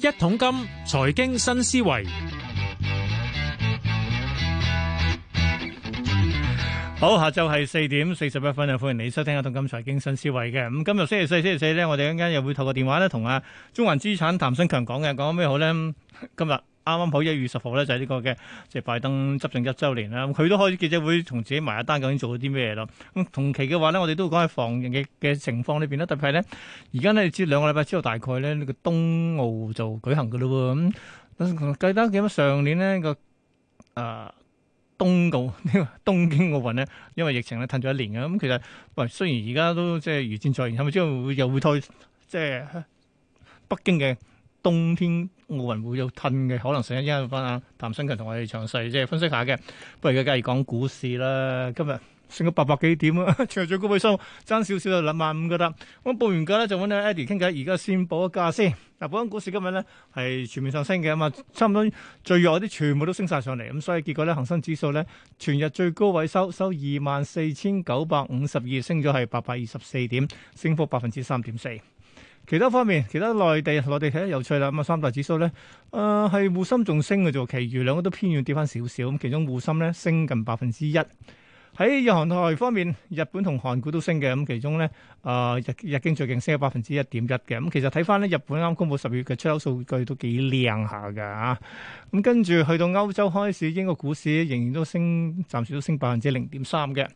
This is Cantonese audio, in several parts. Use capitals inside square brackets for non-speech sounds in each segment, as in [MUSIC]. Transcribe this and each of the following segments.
一桶金，財經新思維。好，下晝係四點四十一分，又歡迎你收聽《一通金財經新思維》嘅。咁今日星期四，星期四咧，我哋陣間又會透過電話咧，同啊中環資產譚新強講嘅，講緊咩好咧？今日啱啱好一月十號咧，就係呢個嘅，即係拜登執政一周年啦。佢都開記者會，同自己埋一單究竟做咗啲咩咯？咁同期嘅話咧，我哋都會講下防疫嘅情況裏邊咧，特別係咧，而家呢，接兩個禮拜之後，大概咧呢個冬奧就舉行㗎喇喎。咁記得記得上年呢個啊。呃東奧呢個東京奧運咧，因為疫情咧，褪咗一年嘅咁，其實喂，雖然而家都即係如箭在，係咪將會,會又會退。即係北京嘅冬天奧運會有褪嘅可能性咧？一陣返阿譚新強同我哋詳細即係分析下嘅，不如而家梗係講股市啦，今日。升咗八百幾點啊？全日最高位收，爭少少就兩萬五嘅啦。咁報完價咧，就揾阿 Eddie 傾偈。而家先報個價先。嗱，本港股市今日咧係全面上升嘅啊嘛，差唔多最弱啲全部都升晒上嚟。咁所以結果咧，恒生指數咧全日最高位收收，二萬四千九百五十二，升咗係八百二十四點，升幅百分之三點四。其他方面，其他內地內地睇得有趣啦。咁啊三大指數咧，誒係滬深仲升嘅啫，其餘兩個都偏軟跌翻少少。咁其中滬深咧升近百分之一。喺日韓台方面，日本同韓股都升嘅，咁，其中咧啊日日經最近升咗百分之一點一嘅咁。其實睇翻咧，日本啱公布十月嘅出口數據都幾靚下噶啊。咁跟住去到歐洲開市，英國股市仍然都升，暫時都升百分之零點三嘅。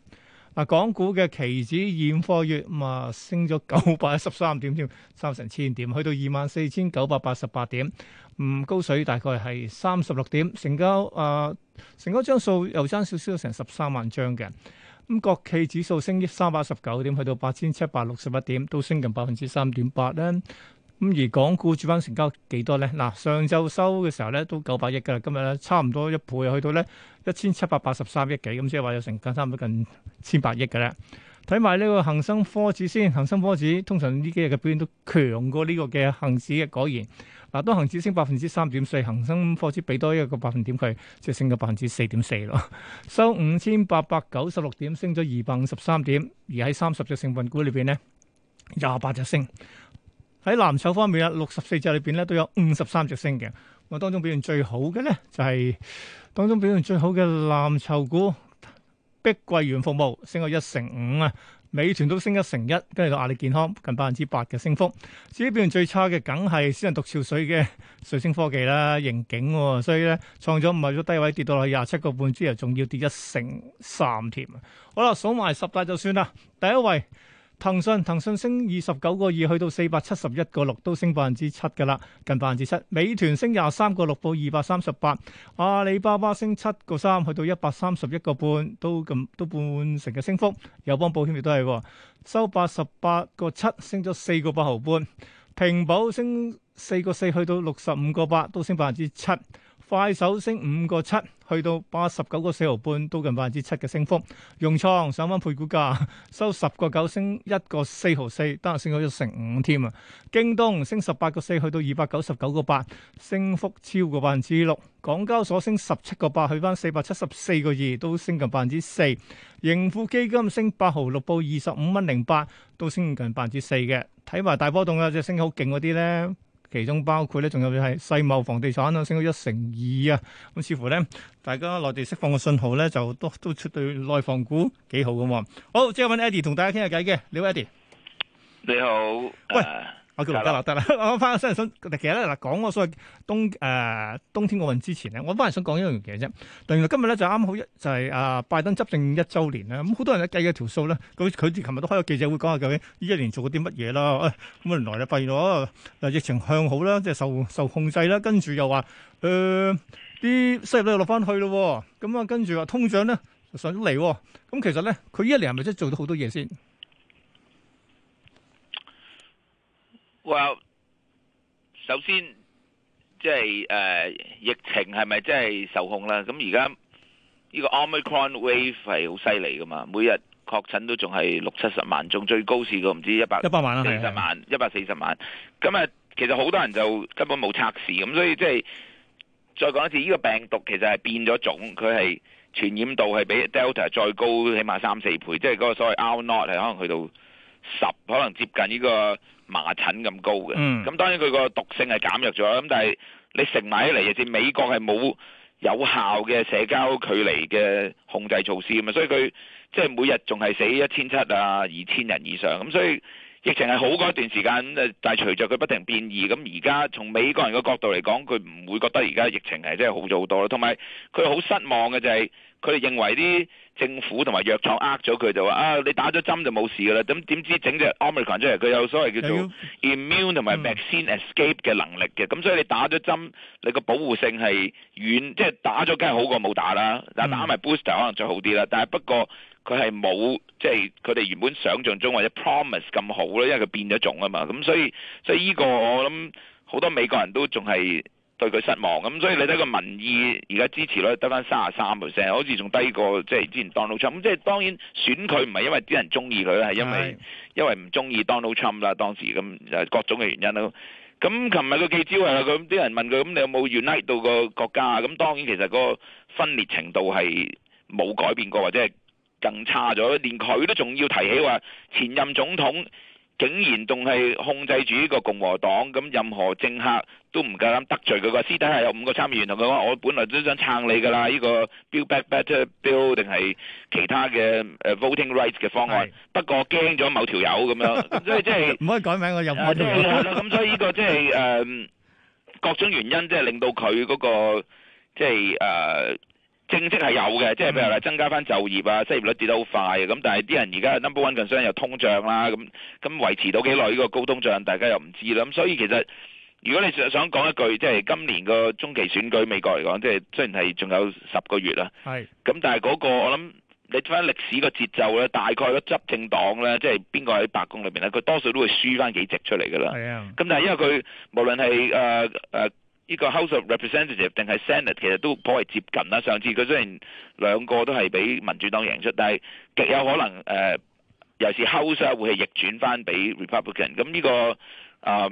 嗱，港股嘅期指現貨月啊、嗯，升咗九百一十三點添，三成千點，去到二萬四千九百八十八點，咁、嗯、高水大概係三十六點，成交啊、呃，成交張數又爭少少，成十三萬張嘅，咁、嗯、國企指數升三百一十九點，去到八千七百六十八點，都升近百分之三點八咧。咁而港股主板成交幾多咧？嗱，上晝收嘅時候咧都九百億噶啦，今日咧差唔多一倍，去到咧一千七百八十三億幾，咁即係話有成近差唔多近千百億嘅啦。睇埋呢個恒生科指先，恒生科指通常呢幾日嘅表現都強過呢個嘅恒指嘅，果然嗱，當恒指升百分之三點四，恒生科指俾多一個百分點佢，即係升咗百分之四點四咯。收五千八百九十六點，升咗二百五十三點。而喺三十隻成分股裏邊咧，廿八隻升。喺藍籌方面啊，六十四隻裏邊咧都有五十三隻升嘅。我當中表現最好嘅咧，就係、是、當中表現最好嘅藍籌股碧桂園服務，升到一成五啊。美團都升一成一，跟住個阿里健康近百分之八嘅升幅。至於表現最差嘅，梗係私人獨潮水嘅瑞聲科技啦，盈警、哦，所以咧創咗唔係咗低位跌到落廿七個半之後，仲要跌一成三添。好啦，數埋十大就算啦。第一位。騰訊騰訊升二十九個二，去到四百七十一個六，都升百分之七㗎喇，近百分之七。美團升廿三個六到二百三十八，阿里巴巴升七個三去到一百三十一個半，都咁都半成嘅升幅。友邦保險亦都係，收八十八個七，升咗四個八毫半。平保升四個四去到六十五個八，都升百分之七。快手升五個七，去到八十九個四毫半，都近百分之七嘅升幅。融創上翻配股價，收十個九升一個四毫四，當日升咗成五添啊！京東升十八個四，去到二百九十九個八，升幅超過百分之六。港交所升十七個八，去翻四百七十四個二，都升近百分之四。盈富基金升八毫六，報二十五蚊零八，都升近百分之四嘅。睇埋大波動啊，有隻升好勁嗰啲咧。其中包括咧，仲有就係世茂房地產啊，升到一成二啊，咁似乎咧，大家內地釋放嘅信號咧，就都都出對內房股幾好噶喎。好，即刻搵 Eddie 同大家傾下偈嘅，你好 Eddie，你好，喂。我叫羅德樂得啦！我翻翻先，想 [LAUGHS] 其實咧嗱，講我所謂冬誒冬天奧運之前咧，我翻嚟想講一樣嘢啫。但原來今日咧就啱好一就係、是、啊拜登執政一週年啦，咁好多人都計一條數咧。咁佢哋琴日都開個記者會講下究竟呢一年做過啲乜嘢啦。咁、哎、原來就發現到疫情向好啦，即係受受控制啦。跟住又話誒啲收入咧又落翻去咯。咁啊跟住話通脹咧上咗嚟。咁其實咧，佢呢一年係咪真係做到好多嘢先？話、well, 首先即係誒、呃、疫情係咪真係受控啦？咁而家呢個 Omicron wave 係好犀利噶嘛？每日確診都仲係六七十萬，仲最高試過唔知一百一百萬，啦、啊，四十萬一百四十萬，咁、嗯、啊，其實好多人就根本冇測試，咁、嗯，所以即係再講一次，呢、這個病毒其實係變咗種，佢係傳染度係比 Delta 再高起碼三四倍，即係個所謂 R naught 係可能去到十，可能接近呢、這個。麻疹咁高嘅，咁當然佢個毒性係減弱咗，咁但係你食埋起嚟，甚至美國係冇有效嘅社交距離嘅控制措施咁啊，所以佢即係每日仲係死一千七啊二千人以上，咁所以疫情係好過一段時間，但係隨着佢不停變異，咁而家從美國人嘅角度嚟講，佢唔會覺得而家疫情係真係好咗好多啦，同埋佢好失望嘅就係佢哋認為啲。政府同埋藥廠呃咗佢就話啊，你打咗針就冇事㗎啦。咁點知整隻 Omicron 出嚟，佢有所謂叫做 immune 同埋 vaccine escape 嘅能力嘅。咁、嗯、所以你打咗針，你個保護性係遠，即係打咗梗係好過冇打啦。但打埋 booster 可能最好啲啦。嗯、但係不過佢係冇即係佢哋原本想像中或者 promise 咁好啦，因為佢變咗種啊嘛。咁所以所以呢個我諗好多美國人都仲係。對佢失望咁，所以你睇個民意而家支持率得翻三十三 percent 好似仲低過即係之前 Donald Trump。咁即係當然選佢唔係因為啲人中意佢，係因為因為唔中意 Donald Trump 啦。當時咁各種嘅原因咯。咁琴日佢記招係佢啲人問佢咁你有冇 unite 到個國家啊？咁當然其實個分裂程度係冇改變過或者係更差咗，連佢都仲要提起話前任總統。竟然仲係控制住呢個共和黨，咁任何政客都唔夠膽得罪佢。個私底下有五個參議員同佢講：我本來都想撐你噶啦，呢個 Build Back Better Bill 定係其他嘅誒 Voting Rights 嘅方案，不過驚咗某條友咁樣。所以即係唔可以改名個入。係啦，咁所以呢個即係誒各種原因，即係令到佢嗰個即係誒。政績係有嘅，即係譬如話增加翻就業啊，失業率跌得好快啊。咁但係啲人而家 number one concern 又通脹啦，咁咁維持到幾耐呢個高通脹，大家又唔知啦。咁所以其實如果你想講一句，即係今年個中期選舉美國嚟講，即係雖然係仲有十個月啦，係咁是，但係、那、嗰個我諗你睇翻歷史個節奏咧，大概個執政黨咧，即係邊個喺白宮裏邊咧，佢多數都會輸翻幾席出嚟㗎啦。係啊，咁但係因為佢無論係誒誒。呃呃呢個 House of Representative 定係 Senate 其實都頗為接近啦。上次佢雖然兩個都係俾民主黨贏出，但係極有可能誒、呃，尤其是 House、啊、會係逆轉翻俾 Republican。咁呢、這個誒、呃、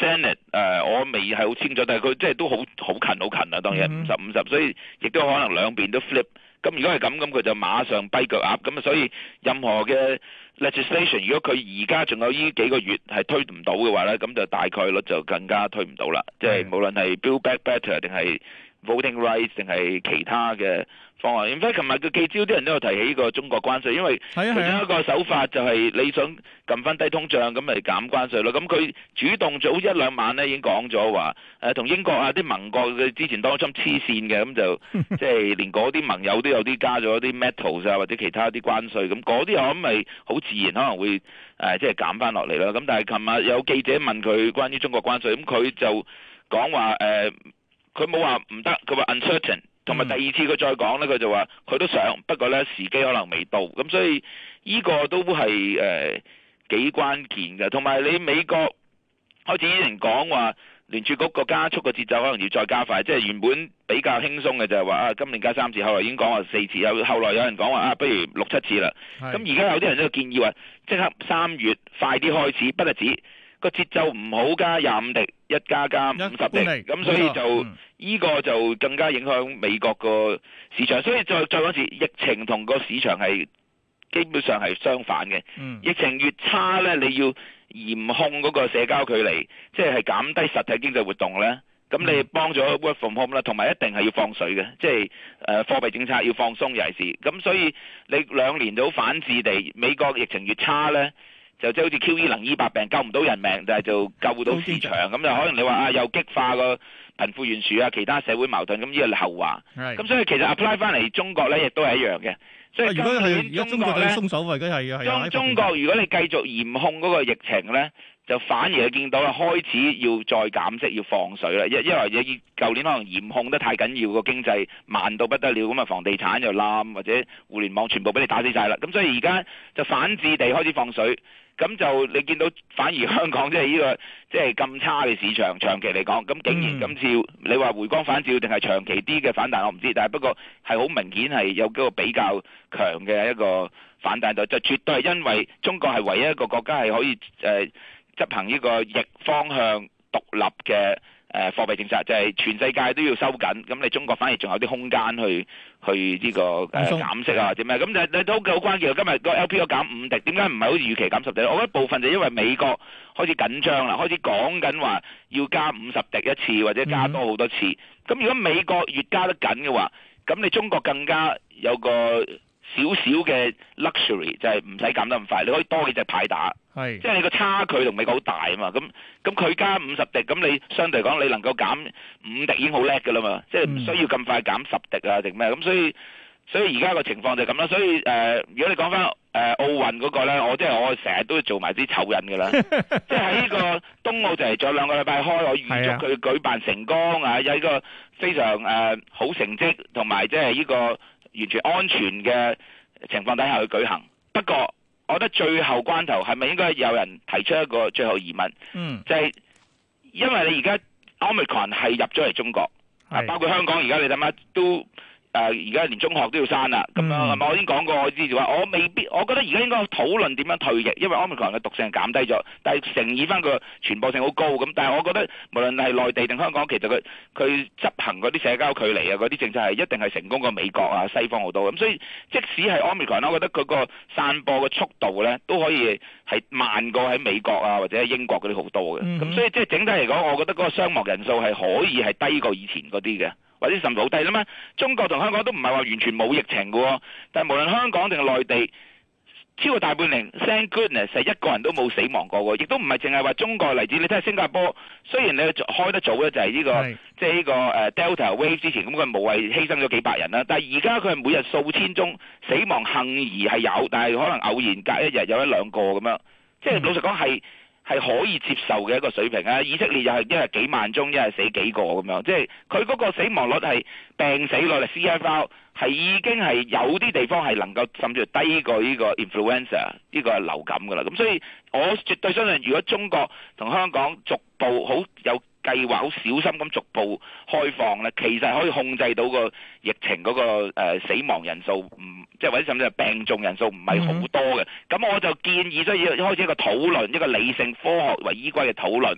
Senate 誒、呃，我未係好清楚，但係佢即係都好好近好近啦、啊。當然五十五十，所以亦都可能兩邊都 flip。咁如果係咁，咁佢就馬上跛腳鴨，咁啊，所以任何嘅 legislation，如果佢而家仲有呢幾個月係推唔到嘅話咧，咁就大概率就更加推唔到啦。即係無論係 Build Back Better 定係 Voting rights 定係其他嘅方案，咁所以琴日佢記招啲人都有提起呢個中國關稅，因為其中一個手法就係你想撳翻低通脹，咁咪減關稅咯。咁佢主動早一兩晚咧已經講咗話，誒同英國啊啲盟國佢之前擔心黐線嘅，咁就即係連嗰啲盟友都有啲加咗啲 metals 啊或者其他啲關稅，咁嗰啲我諗咪好自然可能會誒即係減翻落嚟啦。咁但係琴日有記者問佢關於中國關稅，咁佢就講話誒。佢冇話唔得，佢話 uncertain，同埋第二次佢再講呢，佢就話佢都想，不過呢，時機可能未到，咁所以呢個都係誒、呃、幾關鍵嘅。同埋你美國開始啲人講話聯儲局個加速嘅節奏可能要再加快，即、就、係、是、原本比較輕鬆嘅就係話啊今年加三次，後來已經講話四次，有後來有人講話啊不如六七次啦。咁而家有啲人都建議話即刻三月快啲開始，不單止個節奏唔好加廿五釐。一加加五十零，咁、嗯、所以就呢、嗯、個就更加影響美國個市場。所以再再講一次，疫情同個市場係基本上係相反嘅。嗯、疫情越差呢，你要嚴控嗰個社交距離，即係減低實體經濟活動呢。咁你幫咗 work from home 啦，同埋一定係要放水嘅，即係誒貨幣政策要放鬆又係事。咁所以你兩年到反置地，美國疫情越差呢。就即係好似 Q.E. 能醫百病，救唔到人命，但係就救到市場，咁就可能你話啊，又激化個貧富懸殊啊，其他社會矛盾咁，呢個後話。係，咁所以其實 apply 翻嚟中國咧，亦都係一樣嘅。所以今年中國咧，中中國如果你繼續嚴控嗰個疫情咧，就反而係見到開始要再減息、要放水啦。一因為你舊年可能嚴控得太緊要，個經濟慢到不得了，咁啊，房地產又冧，或者互聯網全部俾你打死曬啦。咁所以而家就反智地開始放水。咁就你見到反而香港即係呢個即係咁差嘅市場，長期嚟講，咁竟然今次你話回光返照定係長期啲嘅反彈，我唔知，但係不過係好明顯係有幾個比較強嘅一個反彈度，就絕對係因為中國係唯一一個國家係可以誒執行呢個逆方向獨立嘅。誒貨幣政策就係全世界都要收緊，咁你中國反而仲有啲空間去去呢個誒減息啊，或者咩？咁就你都好關鍵。今日個 L P R 減五滴，點解唔係好似預期減十滴？我覺得部分就因為美國開始緊張啦，開始講緊話要加五十滴一次，或者加多好多次。咁如果美國越加得緊嘅話，咁你中國更加有個少少嘅 luxury，就係唔使減得咁快，你可以多幾隻牌打。係，即係你個差距同美國好大啊嘛，咁咁佢加五十滴，咁你相對講你能夠減五滴已經好叻噶啦嘛，即係唔需要咁快減十滴啊定咩，咁所以所以而家個情況就係咁啦，所以誒，如果你講翻誒奧運嗰個咧，我即係我成日都做埋啲醜人噶啦，即係喺呢個冬奧就係再兩個禮拜開，我預祝佢舉辦成功啊，有呢個非常誒好成績同埋即係呢個完全安全嘅情況底下去舉行，不過。我覺得最後關頭係咪應該有人提出一個最後疑問？嗯，就係因為你而家 Omicron 係入咗嚟中國啊，是包括香港而家你諗下都。誒而家連中學都要刪啦，咁樣係咪、mm hmm. 嗯？我已經講過，我之前話我未必，我覺得而家應該討論點樣退疫，因為 Omicron 嘅毒性係減低咗，但係乘以翻個傳播性好高，咁但係我覺得無論係內地定香港，其實佢佢執行嗰啲社交距離啊嗰啲政策係一定係成功過美國啊西方好多咁、嗯、所以即使係 Omicron，我覺得佢個散播嘅速度咧都可以係慢過喺美國啊或者喺英國嗰啲好多嘅，咁、mm hmm. 嗯、所以即係整體嚟講，我覺得嗰個傷亡人數係可以係低過以前嗰啲嘅。或者甚至好低啦嘛，中國同香港都唔係話完全冇疫情嘅，但係無論香港定係內地超過大半年 thank goodness 係一個人都冇死亡過嘅，亦都唔係淨係話中國例子。你睇下新加坡，雖然你開得早咧、這個，就係呢個即係呢個誒 Delta wave 之前咁，佢冇係犧牲咗幾百人啦，但係而家佢係每日數千宗死亡幸而係有，但係可能偶然隔一日有一兩個咁樣，即係老實講係。係可以接受嘅一個水平啊！以色列又係一日幾萬宗，一日死幾個咁樣，即係佢嗰個死亡率係病死率，CFR 係已經係有啲地方係能夠甚至係低過呢個 influenza 呢個流感㗎啦。咁所以我絕對相信，如果中國同香港逐步好有。計劃好小心咁逐步開放咧，其實可以控制到個疫情嗰個死亡人數唔，即係或者甚至係病重人數唔係好多嘅。咁我就建議需要開始一個討論，一個理性科學為依歸嘅討論。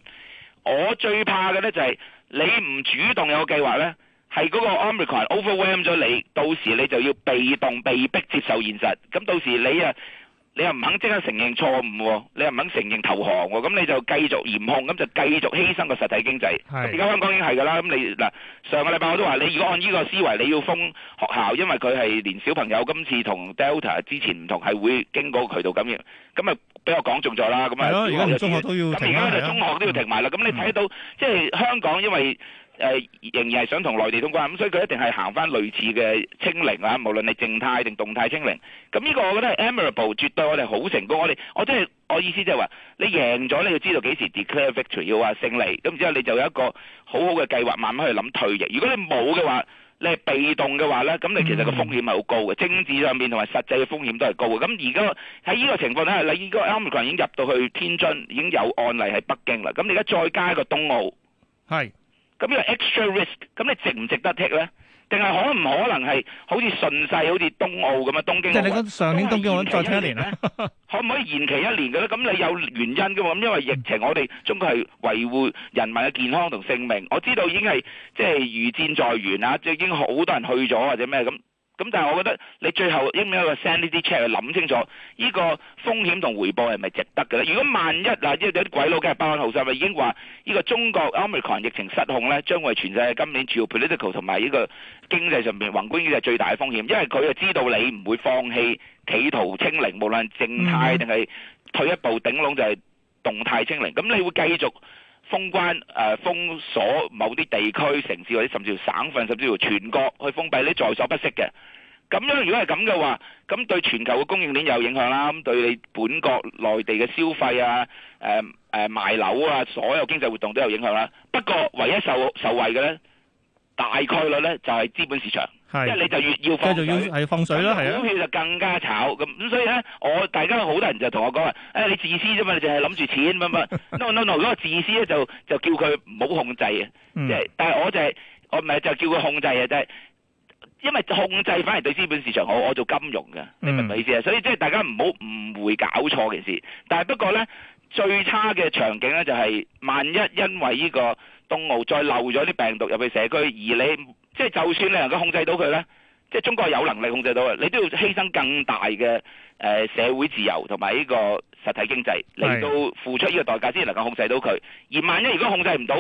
我最怕嘅咧就係、是、你唔主動有個計劃咧，喺嗰個 omicron overwhelm 咗你，到時你就要被動被逼接受現實。咁到時你啊～你又唔肯即刻承認錯誤，你又唔肯承認投降，咁你就繼續嚴控，咁就繼續犧牲個實體經濟。而家香港已經係㗎喇，咁你嗱，上個禮拜我都話，你如果按呢個思維，你要封學校，因為佢係連小朋友今次同 Delta 之前唔同，係會經過渠道感染，咁咪俾我講中咗啦。咁啊，而家就中學都要停埋啦。咁而家就中學都要停埋啦。咁你睇到即係香港，因為。誒仍然係想同內地通關，咁所以佢一定係行翻類似嘅清零啊！無論你靜態定動態清零，咁呢個我覺得係 admirable，絕對我哋好成功。我哋我真係我意思即係話，你贏咗你要知道幾時 declare victory 要話勝利，咁之後你就有一個好好嘅計劃，慢慢去諗退役。如果你冇嘅話，你係被動嘅話咧，咁你其實個風險係好高嘅，政治上面同埋實際嘅風險都係高嘅。咁而家喺呢個情況下，你而家 Omicron 已經入到去天津，已經有案例喺北京啦。咁你而家再加一個東澳，係。咁呢個 extra risk，咁你值唔值得 take 咧？定係可唔可能係好似順勢好似東澳咁樣？東京即係你上年東京，我再聽一年啦。 [LAUGHS] 可唔可以延期一年嘅咧？咁你有原因嘅喎。咁因為疫情，我哋中國係維護人民嘅健康同性命。我知道已經係即係如箭在弦啦，即係已經好多人去咗或者咩咁。咁但係我覺得你最後應唔應該去 send 呢啲 check，去諗清楚，呢個風險同回報係咪值得嘅咧？如果萬一嗱，因為有啲鬼佬梗係包安豪塞啦，已經話呢個中國 Omicron 疫情失控咧，將會係全世界今年主要 political 同埋呢個經濟上邊宏觀呢就係最大嘅風險，因為佢就知道你唔會放棄，企圖清零，無論靜態定係退一步頂籠就係動態清零，咁你會繼續。封關誒、呃、封鎖某啲地區、城市或者甚至乎省份、甚至乎全國去封閉，呢在所不惜嘅。咁樣如果係咁嘅話，咁對全球嘅供應鏈有影響啦。咁對你本國內地嘅消費啊、誒、呃、誒、呃、賣樓啊，所有經濟活動都有影響啦。不過唯一受受惠嘅呢，大概率呢，就係、是、資本市場。即係你就越要，要放水，放水啦，係啊！股票就更加炒咁，咁的所以咧，我大家好多人就同我講話，誒、哎、你自私啫嘛，你淨係諗住錢乜乜 [LAUGHS] ，no no no，嗰個自私咧就就叫佢唔好控制嘅，就是嗯、但係我就係、是、我唔係就叫佢控制啊，就係、是、因為控制反而對資本市場好，我做金融嘅，你明唔明意思啊？嗯、所以即係大家唔好誤會搞錯件事。但係不過咧，最差嘅場景咧就係萬一因為呢個冬奧再漏咗啲病毒入去社區，而你。即係就算你能夠控制到佢咧，即係中國有能力控制到嘅，你都要犧牲更大嘅誒、呃、社會自由同埋呢個實體經濟嚟到付出呢個代價先能夠控制到佢。而萬一如果控制唔到，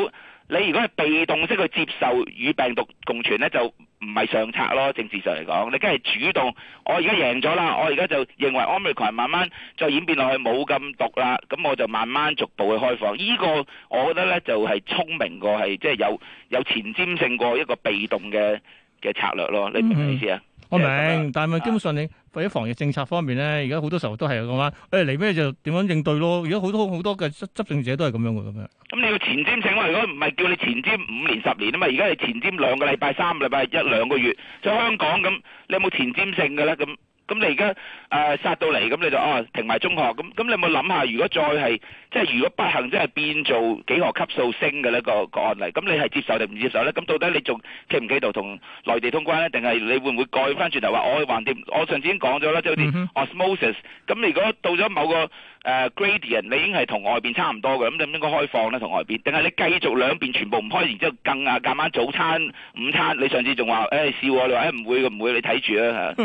你如果係被動式去接受與病毒共存咧，就。唔係上策咯，政治上嚟講，你梗係主動。我而家贏咗啦，我而家就認為 Omicron 慢慢再演變落去冇咁毒啦，咁我就慢慢逐步去開放。呢個我覺得呢就係聰明過，係即係有有前瞻性過一個被動嘅嘅策略咯。你明唔明意思啊？Mm hmm. 我明，但係咪基本上你喺防疫政策方面咧，而家好多時候都係咁啊，誒嚟咩就點樣應對咯。而家好多好多嘅執執政者都係咁樣嘅咁樣。咁、嗯、你要前瞻性啊，如果唔係叫你前瞻五年十年啊嘛，而家係前瞻兩個禮拜、三個禮拜、一兩個月。即係香港咁，你有冇前瞻性噶咧咁？咁你而家誒殺到嚟，咁你就哦停埋中學，咁咁你有冇諗下，如果再係即係如果不幸，真係變做幾何級數升嘅呢個個案例，咁你係接受定唔接受咧？咁到底你仲記唔記到同內地通關咧？定係你會唔會改翻轉頭話我橫掂？我上次已經講咗啦，即係好似 osmosis，咁你如果到咗某個誒、uh, Gradient，你已經係同外邊差唔多嘅，咁、嗯、你應該開放咧同外邊，定係你繼續兩邊全部唔開，然之後更啊減翻早餐、午餐，你上次仲話誒笑你話誒唔會唔會，你睇住啦嚇。如、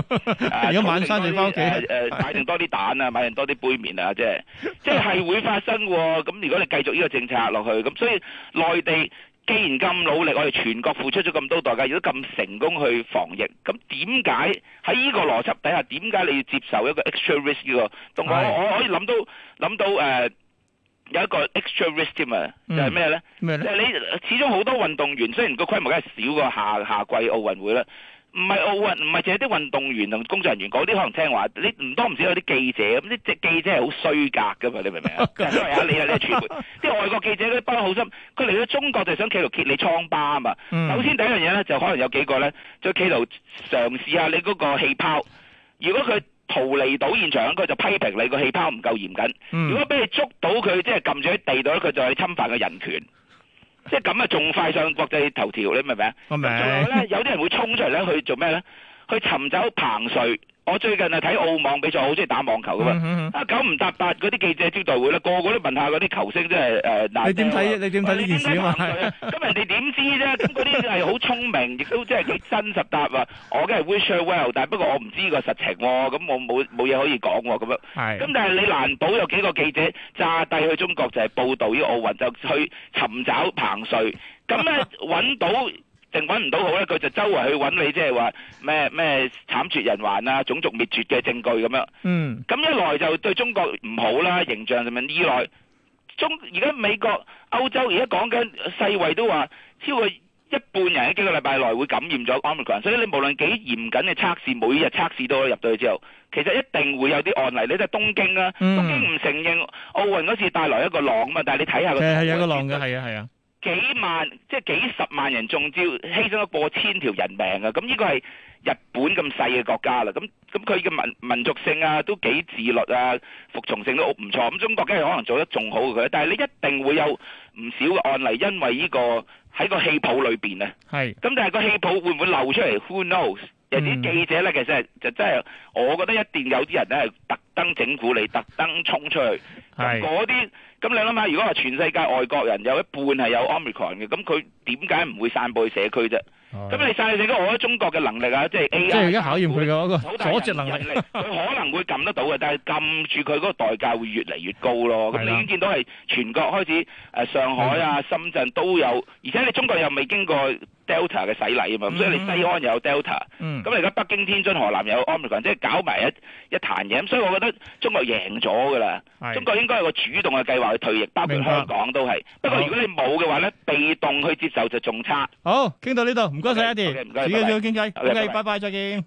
哎、果、啊 [LAUGHS] 啊、晚餐你幫誒買定多啲蛋啊， [LAUGHS] 買定多啲杯麵啊，即係即係係會發生喎。咁 [LAUGHS] 如果你繼續呢個政策落去，咁所以內地。既然咁努力，我哋全國付出咗咁多代價，亦都咁成功去防疫，咁點解喺呢個邏輯底下，點解你要接受一個 extra risk 喎？我我可以諗到諗到誒、呃、有一個 extra risk 添啊，就係咩咧？咩咧、嗯？即係你始終好多運動員，雖然個規模梗係少過夏夏季奧運會啦。唔係奧運，唔係淨係啲運動員同工作人員講啲，可能聽話。你唔多唔少有啲記者咁，啲即係記者係好衰格噶嘛，你明唔明啊？你啊你係傳媒，全部啲外國記者都啲包好深，佢嚟到中國就想企圖揭你瘡疤啊嘛。嗯、首先第一樣嘢咧，就可能有幾個咧，就企圖嘗試下你嗰個氣泡。如果佢逃離到現場，佢就批評你個氣泡唔夠嚴謹。嗯、如果俾你捉到佢，即係撳住喺地度，佢就係侵犯嘅人權。即係咁啊，仲快上國際頭條，你明唔明啊？仲 Okay. 有咧，有啲人會衝出嚟咧，去做咩咧？去尋找彭帥。我最近係睇澳網比賽，好中意打網球噶嘛，啊九唔搭八嗰啲記者招待會啦，個個都問下嗰啲球星，即係誒難保。你點睇？你點睇呢件事啊？咁人哋點知啫？咁嗰啲係好聰明，亦都即係幾真實答啊！我梗係 wishful well，但係不過我唔知個實情喎，咁我冇冇嘢可以講喎，咁樣。係。咁但係你難保有幾個記者炸低去中國就係報導依奧運，就去尋找彭帥，咁咧揾到，定揾唔到好咧，佢就周圍去揾你，即係話咩咩慘絕人寰啊，種族滅絕嘅證據咁樣。嗯，咁一來就對中國唔好啦，形象上面；二來中而家美國、歐洲而家講緊世衞都話超過一半人喺幾個禮拜內會感染咗 Omicron。所以你無論幾嚴謹嘅測試，每日測試都入到去之後，其實一定會有啲案例。你睇東京啦、啊，嗯、東京唔承認奧運嗰時帶來一個浪啊嘛，但係你睇下個，有個浪嘅，係啊係啊。對對幾萬即係幾十萬人中招，犧牲咗過千條人命啊！咁呢個係日本咁細嘅國家啦，咁咁佢嘅民民族性啊，都幾自律啊，服從性都好唔錯。咁中國梗係可能做得仲好嘅佢，但係你一定會有唔少嘅案例，因為呢個喺個氣泡裏邊咧。係。咁但係個氣泡會唔會漏出嚟？Who knows？有啲記者咧，其實就真係，我覺得一定有啲人咧係特登整蠱你，特登衝出去。嗰啲咁你諗下，如果話全世界外國人有一半係有 Omicron 嘅，咁佢點解唔會散佈去社區啫？咁你散去社區，我覺得中國嘅能力啊，即係 AI，即係一考驗佢個阻截能力，佢可能會撳得到嘅，但係撳住佢嗰個代價會越嚟越高咯。咁你已經見到係全國開始，誒上海啊、深圳都有，而且你中國又未經過 Delta 嘅洗禮啊嘛，咁所以你西安又有 Delta，咁你而家北京、天津、河南有 Omicron，即係搞埋一一壇嘢。咁所以我覺得中國贏咗㗎啦，中國應。都係一個主動嘅計劃去退役，包括香港都係。白不過如果你冇嘅話咧，好被動去接受就仲差。好，傾到呢度，唔該晒。Eddie Okay, Eddie，自己再傾偈，OK，拜拜，再見。